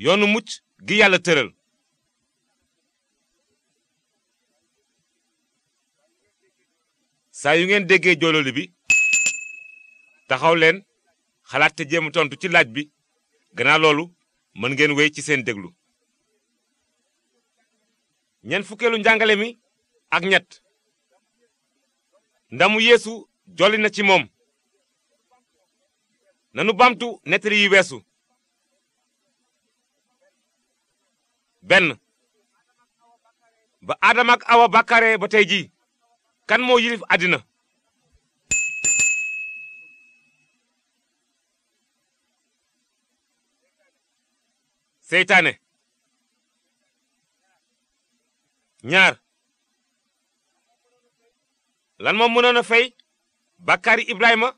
yoonu mucc gi yàlla tëral saa yu ngeen déggee joololi bi taxaw leen xalaat te jéem tontu ci laaj bi gannaaw loolu mën ngeen wéy ci seen déglu ñeent fukkeelu njàngale mi ak ñett ndamu yéesu jooli na ci moom nanu bamtu nettali yi weesu benn ba Adama ak Awa bàkkaaree ba tey jii kan moo yilif àddina seytaane ñaar lan moo mënoon a fay bàkkaari Ibrahima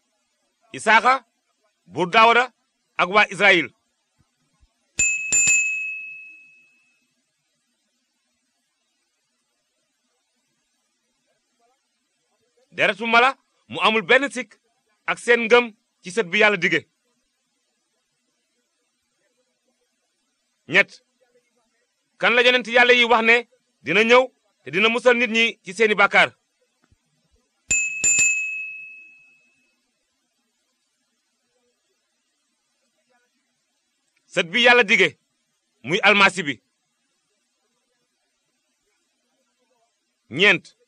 Isaaxa buur Daawuda ak waa Israyil deretu mala mu amul benn sikk ak seen ngëm ci sët bi yàlla dige ñett kan la yonent yàlla yi wax ne dina ñëw te dina musal nit ñi ci seeni bàkkaar sët bi yàlla dige muy almasi bi ñeent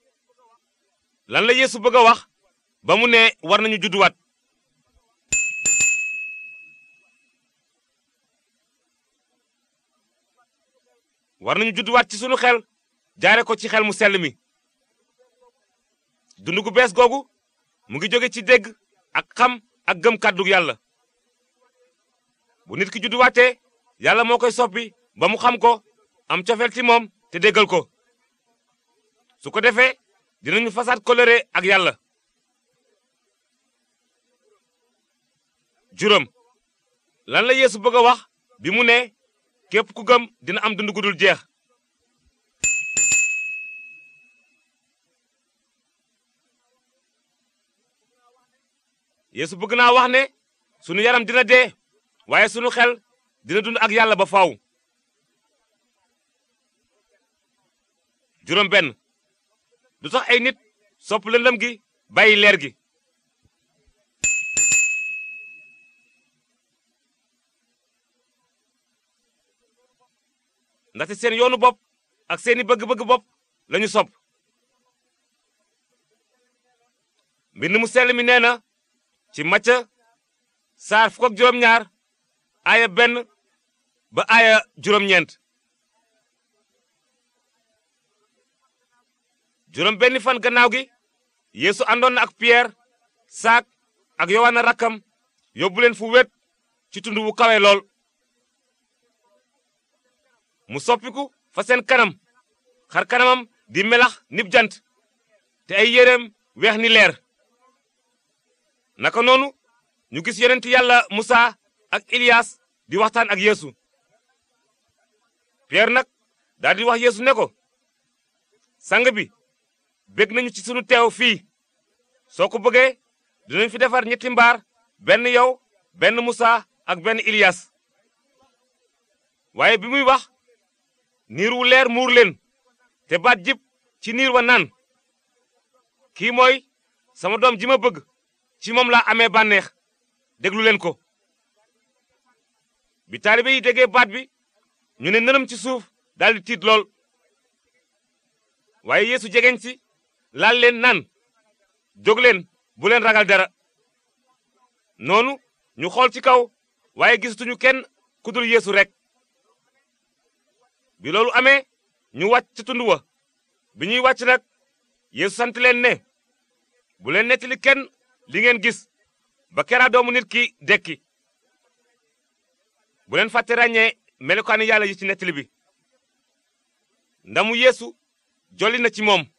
lan la yéesu bëgg a wax ba mu ne war nañu judduwaat war nañu judduwaat ci sunu xel jaare ko ci xel mu sell mi dund gu bees googu mu ngi jóge ci dégg ak xam ak gëm kàddu yàlla bu nit ki judduwaatee yàlla moo koy soppi ba mu xam ko am cofeel ci moom te déggal ko su ko dinañu fasaat kolere ak yàlla. juróom lan la yéesu bëgg a wax bi mu ne képp ku gëm dina am dund gu dul jeex. yéesu bëgg naa wax ne sunu yaram dina dee waaye sunu xel dina dund ak yàlla ba faaw. juróom benn du tax ay nit sopp lëndëm gi bàyyi leer gi ndaxte seen yoonu bopp ak seeni bëgg-bëgg bopp lañu sopp mbind mu sell mi nee na ci Macë saar fukk ak juróom-ñaar aaya benn ba aaya juróom-ñeent juróom benni fan gannaaw gi yéesu àndoon na ak piyeer saak ak yowaana rakkam yóbbu leen fu wet ci tund wu kawe lool mu soppiku fa seen kanam xar kanamam di melax nibjant te ay yéreem weex ni leer naka noonu ñu gis yeneen ti yàlla musa ak ilias di waxtaan ak yéesu piyeer nag daal wax yéesu ne ko sang bi bég nañu ci sunu teew fii soo ko bëggee dinañ fi defar ñetti mbaar benn yow benn musa ak benn iliyas waaye bi muy wax niir wu leer muur leen te baat jib ci niir wa nan kii mooy sama doom ji ma bëgg ci moom laa amee bànneex déglu leen ko bi taalibe yi déggee baat bi ñu ne nënam ci suuf daldi tiit lool waaye yeesu jegeñ si laal leen naan jóg leen bu leen ragal dara noonu ñu xool ci kaw waaye gisatuñu kenn ku dul yeesu rek bi loolu amee ñu wàcc tund wa bi ñuy wàcc nag yeesu sant leen ne bu leen nettali kenn li ngeen gis ba keraa nit ki dekki bu leen fàtte ràññee melokaani yàlla yi ci nettali bi ndamu yéesu jolli na ci moom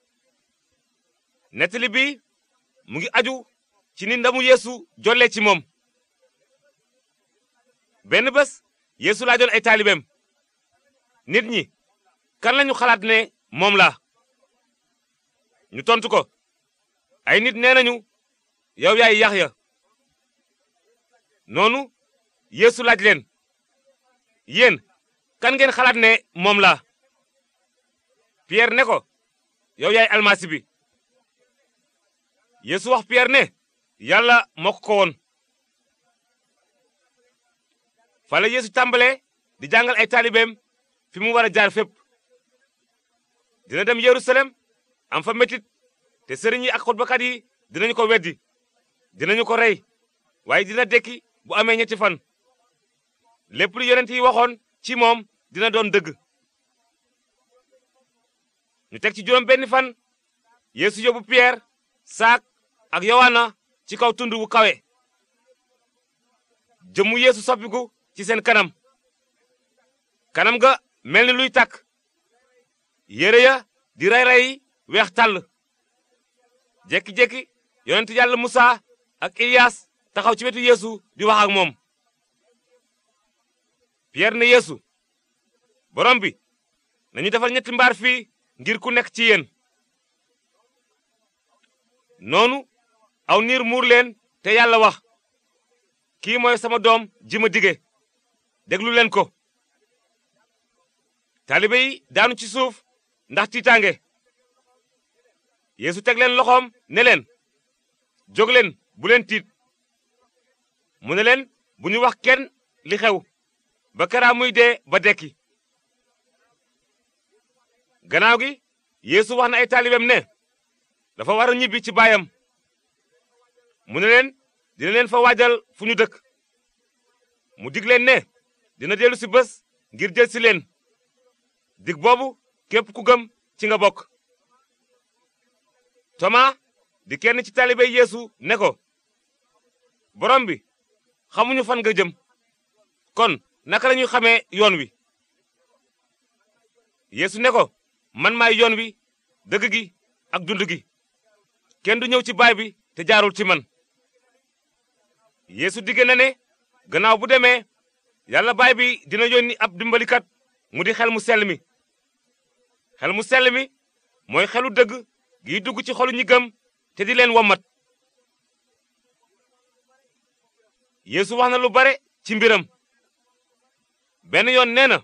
nettali bi mu ngi aju ci ni ndamu yeesu jolle ci moom benn bés yéesu laajoon ay taalibeem nit ñi kan lañu xalaat ne moom la ñu tontu ko ay nit nee nañu yow yaay yaxya noonu yeesu laaj leen yéen kan ngeen xalaat ne moom la Pierre ne ko yow yaay almasi bi Yeesu wax Pierre ne yàlla moo ko ko woon fa la Yeesu tàmbalee di jàngal ay taalibeem fi mu war a jaar fépp dina dem Yerusalem am fa metit te sëriñ yi ak xutbakat yi dinañu ko weddi dinañu ko rey waaye dina dekki bu amee ñetti fan lépp lu yonent waxoon ci moom dina doon dëgg ñu teg ci juróom benn fan Yeesu yóbbu Pierre saak ak yowaana ci kaw tund wu kawe jëmmu yéesu soppiku ci seen kanam kanam ga mel ni luy tàkk yére ya di ray-ray weex tàll jekki-jekki yonent yàlla musa ak iliyaas taxaw ci wetu yeesu di wax ak moom pierre ne yéesu borom bi nañu defal ñetti mbaar fii ngir ku nekk ci yéen noonu aw niir muur leen te yàlla wax kii mooy sama doom ji ma dige déglu leen ko taalibe yi daanu ci suuf ndax tiitaange yéesu teg leen loxoom ne leen jóg leen bu leen tiit mu ne leen bu ñu wax kenn li xew ba keraa muy dee ba dekki gannaaw gi yéesu wax na ay taalibeem ne dafa war a ñibbi ci baayam mu ne leen dina leen fa waajal fu ñu dëkk mu dig leen ne dina dellu si bés ngir jël si leen dig boobu képp ku gëm ci nga bokk Thomas di kenn ci taalibe Yeesu ne ko borom bi xamuñu fan nga jëm kon naka lañuy xamee yoon wi yéesu ne ko man maay yoon wi dëgg gi ak dund gi kenn du ñëw ci baay bi te jaarul ci man yéesu digge na ne gannaaw bu demee yàlla baay bi dina yónni ab dimbalikat mu di xel mu sell mi xel mu sell mi mooy xelu dëgg giy dugg ci xolu ñi gëm te di leen wommat yeesu wax na lu bare ci mbiram benn yoon nee na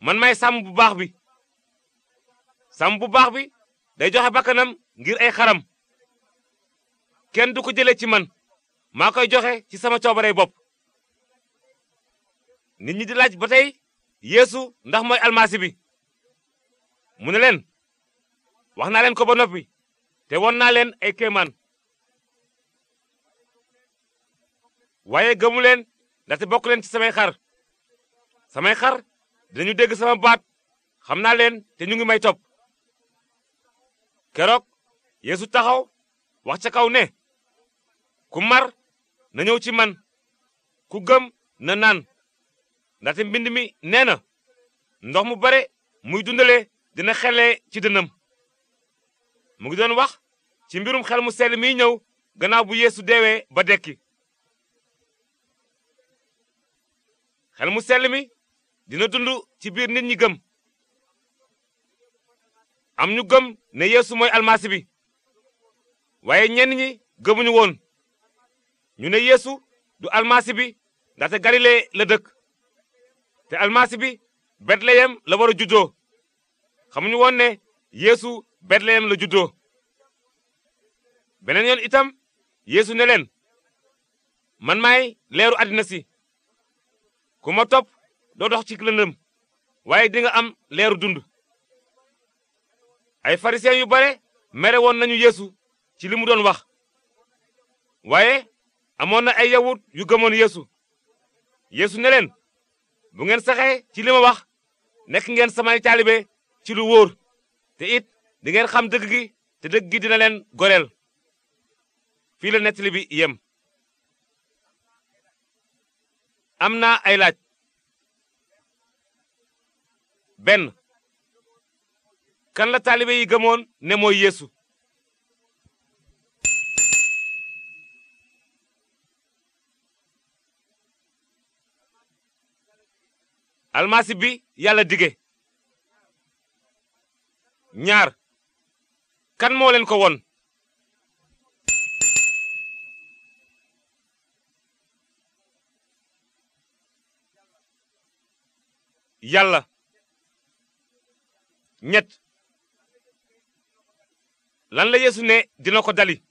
man may sàmm bu baax bi sàmm bu baax bi day joxe bakkanam ngir ay xaram kenn du ko jëlee ci man maa koy joxe ci sama coobare bopp nit ñi di laaj ba tey yéesu ndax mooy almasi bi mu ne leen wax naa leen ko ba noppi te won naa leen ay kéemaan waaye gëmuleen leen ndaxte bokk leen ci samay xar samay xar dinañu dégg sama baat xam naa leen te ñu ngi may topp keroog yéesu taxaw wax ca kaw ne ku mar na ci man ku gëm na naan ndaxte mbind mi nee na ndox mu bare muy dundale dina xele ci dënam mu ngi doon wax ci mbirum xel mu sell mi ñëw gannaaw bu yéesu deewee ba dekki xel mu sell mi dina dund ci biir nit ñi gëm am ñu gëm ne yéesu mooy almasi bi waaye ñenn ñi gëmuñu woon ñu ne yéesu du almasi bi ndaxte galile la dëkk te almasi bi betleyem la war a juddoo xamuñu woon ne yeesu betleyem la juddoo beneen yoon itam yéesu ne leen man maay leeru àddina si ku ma topp doo dox ci lëndëm waaye dinga am leeru dund ay pharisiens yu bare mere woon nañu yéesu ci li mu doon wax waaye amoon na ay yawut yu gëmoon yéesu yéesu ne leen bu ngeen saxee ci li wax nekk ngeen samay taalibe ci lu wóor te it di ngeen xam dëgg gi te dëgg gi dina leen goreel fii la nettali bi yem am naa ay laaj benn kan la taalibe yi gëmoon ne mooy yéesu almasi bi yàlla dige ñaar kan moo ko won yàlla ñett lan la yeesu ne dina ko dali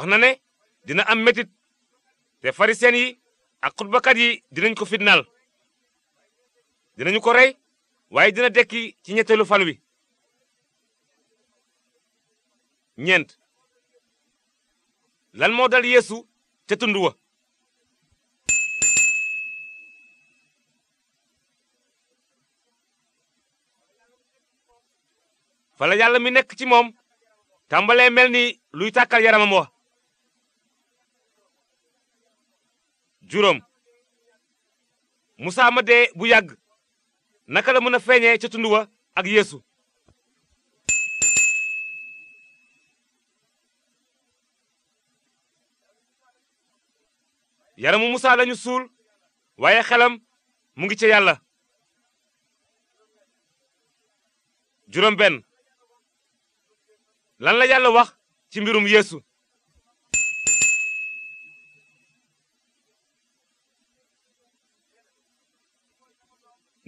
wax na ne dina am métit te farisiyen yi ak xutbakat yi dinañ ko fitnaal dinañu ko rey waaye dina dekki ci ñetteelu fan wi ñeent lan moo dal yéesu ca tund wa fala yàlla mi nekk ci moom tàmbalee mel ni luy tàkkal yaramam wa juróom musaa ma bu yàgg naka la mën a feeñee ca tund wa ak yéesu yaram musaa lañu suul waaye xelam mu ngi ca yàlla juróom benn lan la yàlla wax ci mbirum yeesu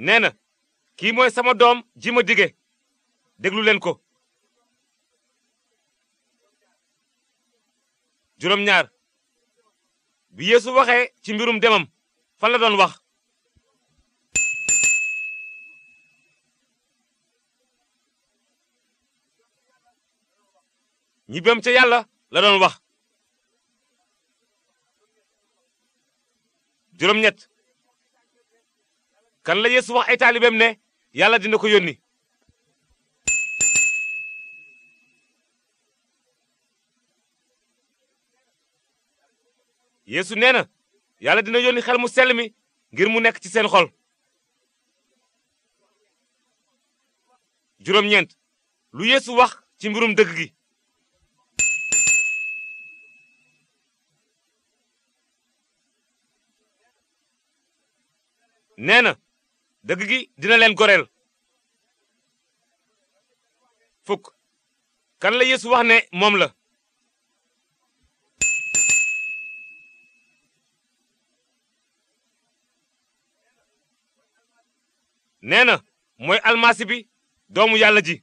nee na kii mooy sama doom ji ma dige déglu leen ko juróom ñaar bi yeesu waxee ci mbirum demam fan la doon wax ñibbeem ca yàlla la doon wax juróom ñett kan la yeesu wax ay taalibeem ne yàlla dina ko yónni yéesu nee na yàlla dina yónni xel mu sell mi ngir mu nekk ci seen xol juróom-ñeent lu yéesu wax ci mbirum dëgg gi nee na dëgg gi dina leen goreel fukk kan la Yeesu wax ne moom la nee na mooy almasi bi doomu yàlla ji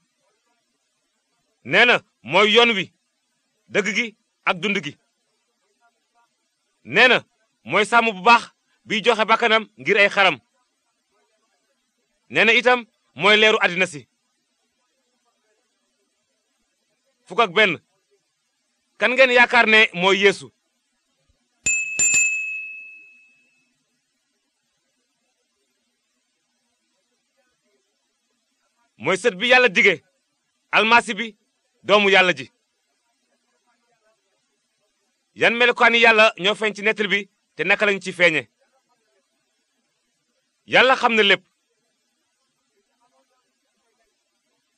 nee na mooy yoon wi dëgg gi ak dund gi nee na mooy sàmm bu baax bi joxe bakkanam ngir ay xaram nee na itam mooy leeru àddina si fukk benn kan ngeen yaakaar ne mooy yéesu mooy sët bi yàlla dige almasi bi doomu yàlla ji yan melokaani yàlla ñoo feeñ ci nettali bi te naka lañ ci feeñe yàlla xam na lépp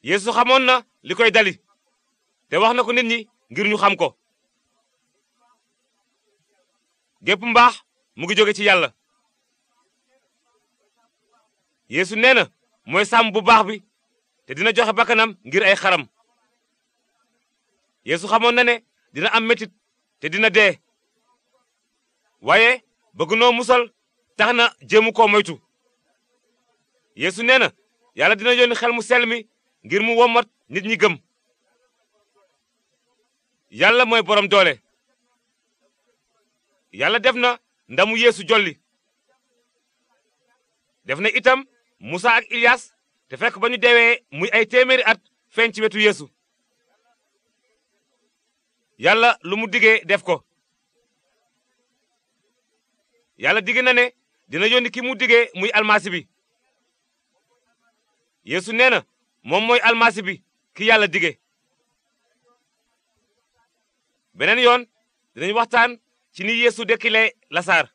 yéesu xamoon na li koy dali te wax na ko nit ñi ngir ñu xam ko gépp mbaax mu ngi jóge ci yàlla yéesu nee na mooy sàmm bu baax bi te dina joxe bakkanam ngir ay xaram yéesu xamoon na ne dina am metit te dina dee waaye bëgg noo musal tax na jéemu koo moytu yéesu nee na yàlla dina yónni xel mu sell mi ngir mu wommat nit ñi gëm yàlla mooy borom doole yàlla def na ndamu yéesu jolli def na itam musa ak iliyas te fekk ba ñu deewee muy ay téeméeri at feeñ ci wetu yéesu yàlla lu mu digee def ko yàlla digge na ne dina yónni ki mu digee muy almasi bi yeesu nee na moom mooy almasi bi ki yàlla dige beneen yoon dinañ waxtaan ci ni yeesu dekkilee lasaar